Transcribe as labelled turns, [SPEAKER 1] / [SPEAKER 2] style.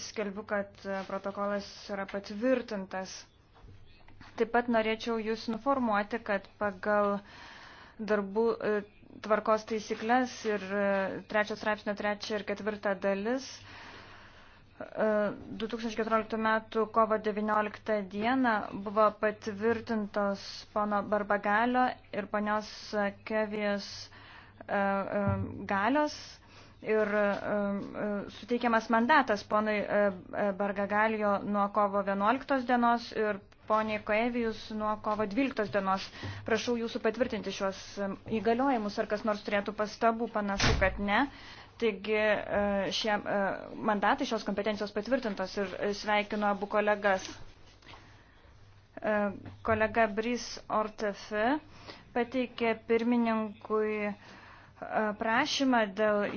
[SPEAKER 1] skelbiu, kad protokolas yra patvirtintas. Taip pat norėčiau Jūs informuoti, kad pagal darbų e, tvarkos taisyklės ir e, trečios straipsnio trečia ir ketvirta dalis 2014 e, m. kovo 19 d. buvo patvirtintos pono Barbagalio ir ponios Kevijos galios ir e, suteikiamas mandatas ponui e, e, Bargagalio nuo kovo 11 dienos ir poniai Koevijus nuo kovo 12 dienos. Prašau jūsų patvirtinti šios įgaliojimus, ar kas nors turėtų pastabų, panašu, kad ne. Taigi šie mandatai, šios kompetencijos patvirtintos ir sveikinu abu kolegas. Kolega Brys Ortefe pateikė pirmininkui
[SPEAKER 2] prašymą dėl